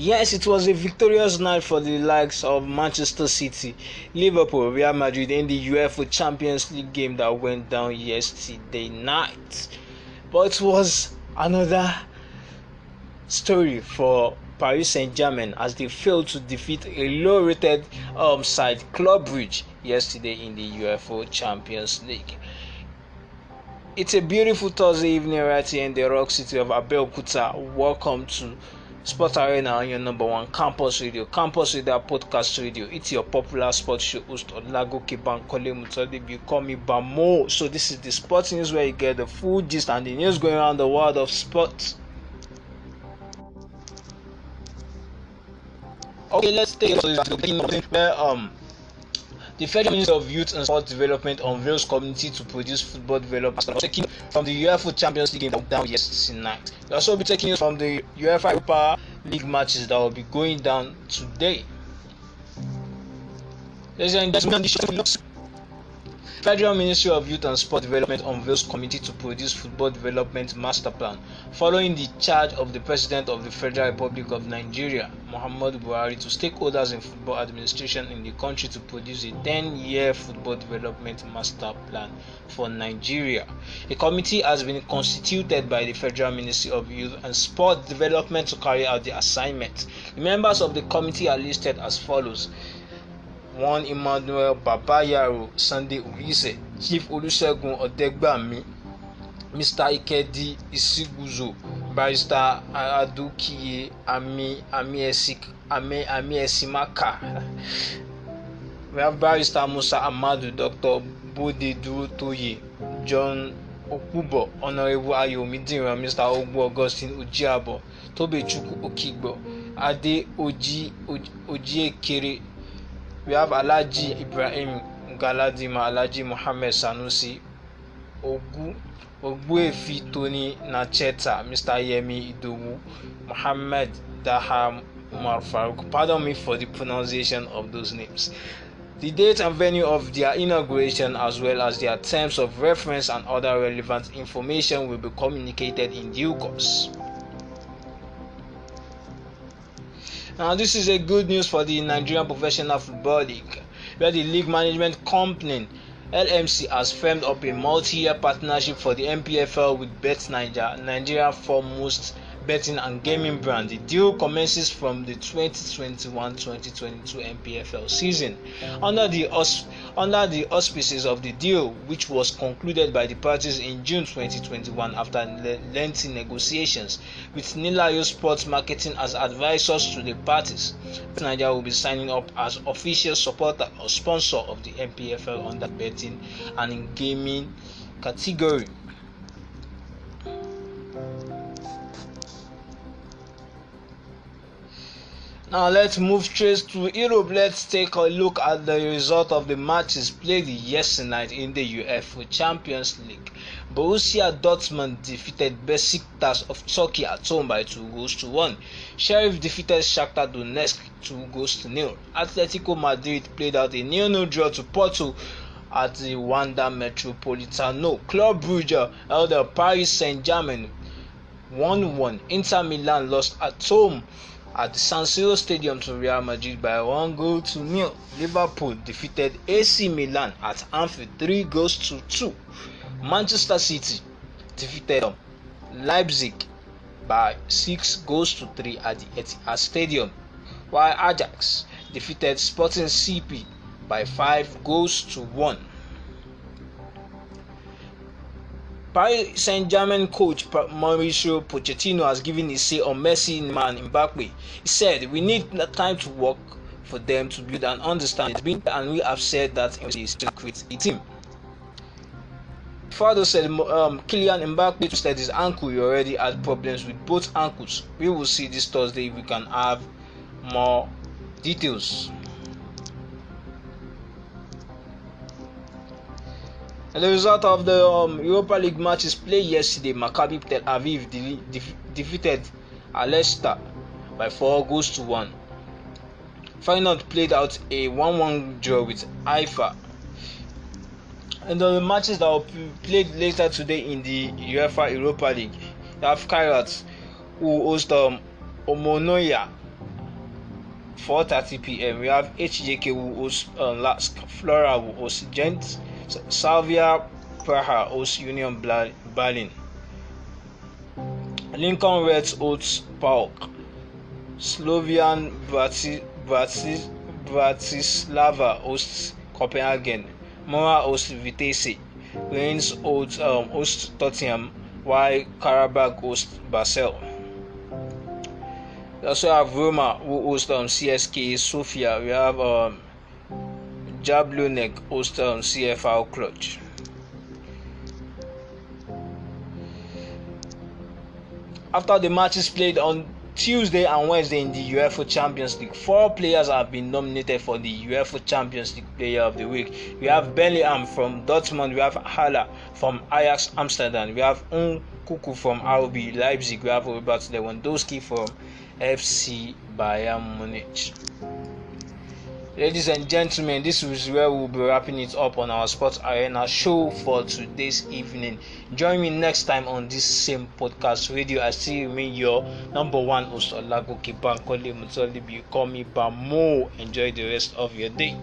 Yes, it was a victorious night for the likes of Manchester City, Liverpool, Real Madrid in the UEFA Champions League game that went down yesterday night. But it was another story for Paris Saint-Germain as they failed to defeat a low-rated um, side Club Bridge yesterday in the UEFA Champions League. It's a beautiful Thursday evening right here in the rock city of Kuta. Welcome to Sports Arena on your number one campus radio. Campus Radio Podcast Radio. It's your popular sports show host Olago Kibankole Mutolib. You call me Bamo. So this is the sports news where you get the full gist and the news going around the world of sports. Okay, let's take look at the um the Federal Ministry of Youth and Sport Development unveils community to produce football developers. taking from the UEFA Champions League that down yesterday night. We'll also be taking from the UEFA Europa League matches that will be going down today. Ladies and gentlemen, this Federal Ministry of Youth and Sport Development unveils committee to produce football development master plan following the charge of the President of the Federal Republic of Nigeria, Muhammadu Buhari, to stakeholders in football administration in the country to produce a 10-year football development master plan for Nigeria. A committee has been constituted by the Federal Ministry of Youth and Sport Development to carry out the assignment. The members of the committee are listed as follows: one emmanuel babayaro sunday oyise chief Olusegun ọ̀dẹ́gbàmí mr ikedi isiguzo barrister adukiye amiesimaka barrister musa amadu dr bode durotoye john okubo honourable ayomidinran mr ogbu augustine ojiabo tobechukwu okigbo ade Oji ojiekere we have Alhaji Ibrahim Galadima Alhaji Muhammad Sanusi Ogu Ogbuefi Tony Nacheta Mr. Yemi Idowu Muhammad Daha Umar Farouk pardon me for the pronunciation of those names the date and venue of their inauguration as well as their terms of reference and other relevant information will be communicated in due course. Now, this is a good news for the Nigerian Professional Football League, where the league management company LMC has firmed up a multi-year partnership for the MPFL with Bet Niger, Nigeria's foremost betting and gaming brand. The deal commences from the 2021-2022 MPFL season. Under the under the auspices of the deal, which was concluded by the parties in June 2021 after lengthy negotiations, with Nilayo Sports Marketing as advisors to the parties, Nigeria will be signing up as official supporter or sponsor of the MPFL under betting and in gaming category. Now let's move straight to Europe. Let's take a look at the result of the matches played yesterday night in the UEFA Champions League. Borussia Dortmund defeated Besiktas of Turkey at home by 2 goals to 1. Sheriff defeated Shakhtar Donetsk 2 goals to 0. Atletico Madrid played out a 0-0 draw to Porto at the Wanda Metropolitano. Club Brugge held Paris Saint-Germain 1-1. Inter Milan lost at home at the San Siro Stadium to Real Madrid by one goal to nil. Liverpool defeated AC Milan at Anfield three goals to two. Manchester City defeated um, Leipzig by six goals to three at the Etihad Stadium, while Ajax defeated Sporting CP by five goals to one. Paris Saint-Germain coach Mauricio Pochettino has given his say on Messi and Mbappe. He said, "We need time to work for them to build and understand it, and we have said that it is to create a team." Father said, um, Kylian Mbappe said his ankle. He already had problems with both ankles. We will see this Thursday if we can have more details. And the result of the um, Europa League matches played yesterday, Maccabi Tel Aviv de- de- defeated Leicester by 4 goals to 1. Final played out a 1-1 draw with Haifa. And the matches that will be played later today in the UEFA Europa League, you have Kairat, who host um, Omonoya 4:30 p.m. We have HJK who host um, Lask, Flora who host Gent, Salvia Praha hosts Union Berlin. Lincoln Reds hosts Park, Slovian Bratis, Bratis, Bratislava hosts Copenhagen. Mora hosts Vitesse. Reigns hosts, um, hosts Tottenham, while Karabakh hosts Basel. We also have Roma who host um, CSK Sofia. We have um, Jablonek hosted on CFL Clutch. After the matches played on Tuesday and Wednesday in the UEFA Champions League, four players have been nominated for the UEFA Champions League Player of the Week. We have Bellingham from Dortmund, we have Hala from Ajax Amsterdam, we have Nkuku from RB Leipzig, we have Robert Lewandowski from FC Bayern Munich. Ladies and gentlemen, this is where we'll be wrapping it up on our Sports Arena show for today's evening. Join me next time on this same podcast radio. I still remain your number one host, Olagoke Bankole Mutolibi. Call me Bamo. Enjoy the rest of your day.